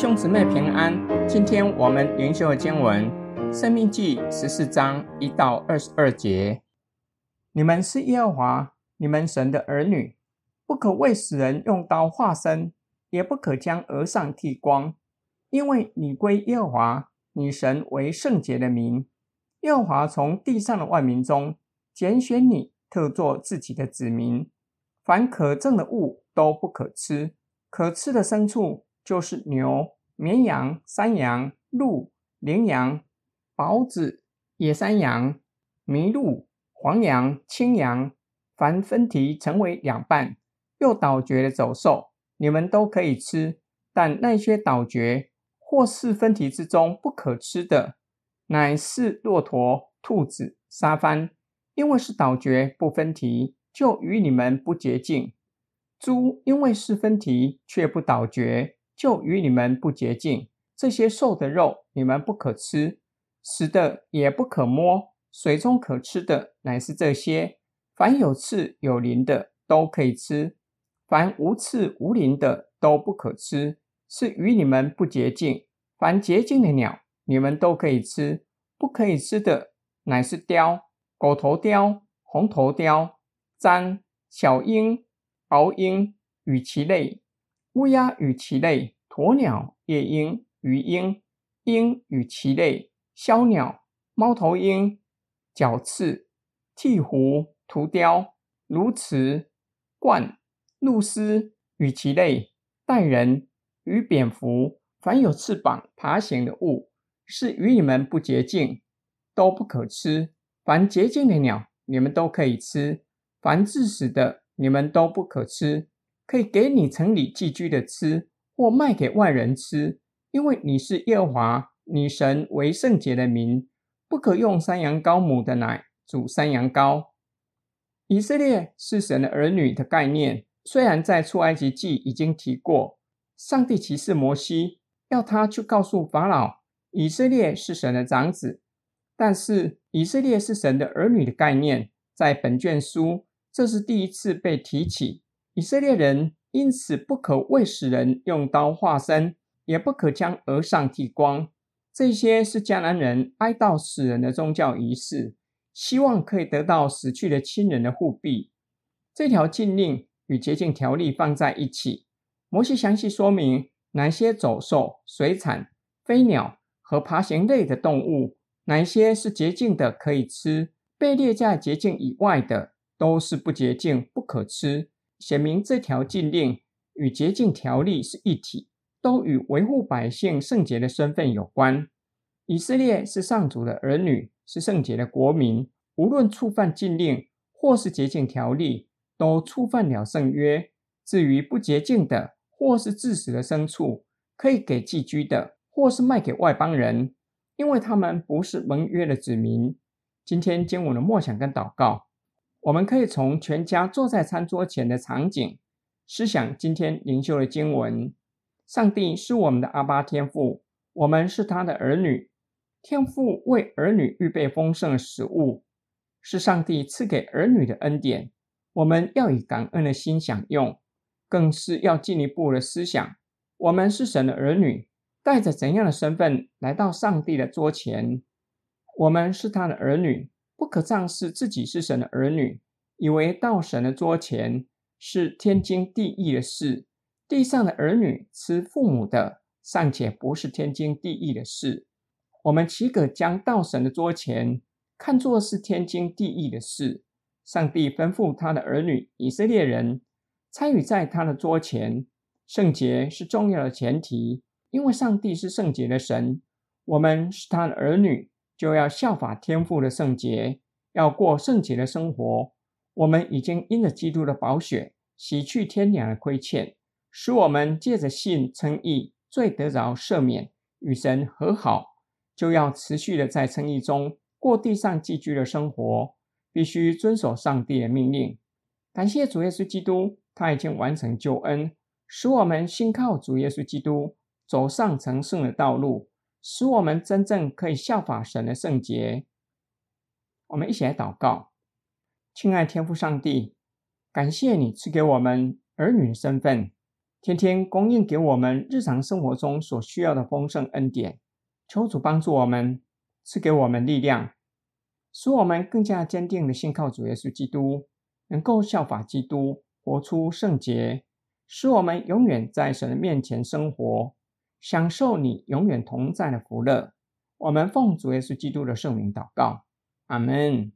兄姊妹平安，今天我們研修的經文《申命記》十四章一到二十二節。你們是耶和華你們神的兒女，不可為死人用刀劃身，也不可將額上剃光，因為你歸耶和華，你神為聖潔的民。耶和華從地上的萬民中揀選你，特作自己的子民。凡可憎的物都不可吃，可吃的牲畜，就是牛、綿羊、山羊、鹿、羚羊、麃子、野山羊、麋鹿、黃羊、青羊，凡分蹄成為兩瓣又倒嚼的走獸，你們都可以吃。但那些倒嚼或是分蹄之中不可吃的，乃是駱駝、兔子、沙番。因為是倒嚼不分蹄，就與你們不潔淨。豬因為是分蹄卻不倒嚼，就與你們不潔淨，這些獸的肉你們不可吃，死的也不可摸。水中可吃的，乃是這些，凡有翅有鱗的，都可以吃，凡無翅無鱗的，都不可吃，是與你們不潔淨。凡潔淨的鳥，你們都可以吃，不可以吃的，乃是鵰、狗頭鵰、紅頭鵰、鸇、小鷹、鷂鷹、與其類。烏鴉與其類，鴕鳥、夜鷹、魚鷹、鷹與其類，鴞鳥、貓頭鷹、角鴟、鵜鶘、禿鵰、鸕鶿、鸛、鷺鷥與其類，戴鵀與蝙蝠，凡有翅膀爬行的物，是與你們不潔淨，都不可吃；凡潔淨的鳥，你們都可以吃；凡自死的，你們都不可吃。可以給你城裡寄居的喫，或賣給外人喫，因為你是耶和華你神為聖潔的民，不可用山羊羔母的奶煮山羊羔。以色列是神的兒女的概念，雖然在出埃及記已經提過，上帝啟示摩西，要他去告訴法老，以色列是神的長子，但是以色列是神的兒女的概念，在本卷書，這是第一次被提起。以色列人因此不可為死人用刀劃身，也不可將額上剃光。這些是迦南人哀悼死人的宗教儀式，希望可以得到死去的親人的護庇。這條禁令與潔淨條例放在一起，摩西詳細說明哪些走獸、水產、飛鳥和爬行類的動物，哪些是潔淨的可以吃，被列在潔淨以外的都是不潔淨不可吃。顯明這條禁令與潔淨條例是一體，都與維護百姓聖潔的身份有關。以色列是上主的兒女，是聖潔的國民。無論觸犯禁令或是潔淨條例，都觸犯了聖約。至於不潔淨的或是自死的牲畜，可以給寄居的或是賣給外邦人，因為他們不是盟約的子民。今天經文的默想跟禱告。我們可以從全家坐在餐桌前的場景，思想今天靈修的經文：上帝是我們的阿爸天父，我們是他的兒女。天父為兒女預備豐盛的食物，是上帝賜給兒女的恩典。我們要以感恩的心享用，更是要進一步的思想：我們是神的兒女，帶着怎樣的身份來到上帝的桌前？我們是他的兒女。不可仗勢自己是神的兒女，以為到神的桌前是天經地義的事。地上的兒女吃父母的，尚且不是天經地義的事，我們豈可將到神的桌前看作是天經地義的事？上帝吩咐他的兒女以色列人參與在他的桌前，聖潔是重要的前提，因為上帝是聖潔的神，我們是他的兒女。就要效法天父的聖潔，要過聖潔的生活。我們已經因着基督的寶血，洗去天良的虧欠，使我們借着信稱義，罪得饒赦免，與神和好。就要持續的在稱義中過地上寄居的生活，必須遵守上帝的命令。感謝主耶穌基督，他已經完成救恩，使我們信靠主耶穌基督，走上成聖的道路。使我們真正可以效法神的聖潔。我們一起來禱告，親愛天父上帝，感謝你賜給我們兒女的身份，天天供應給我們日常生活中所需要的豐盛恩典。求主幫助我們，賜給我們力量，使我們更加堅定的信靠主耶穌基督，能夠效法基督，活出聖潔，使我們永遠在神的面前生活。享受你永遠同在的福樂。我們奉主耶穌基督的聖名禱告，阿門。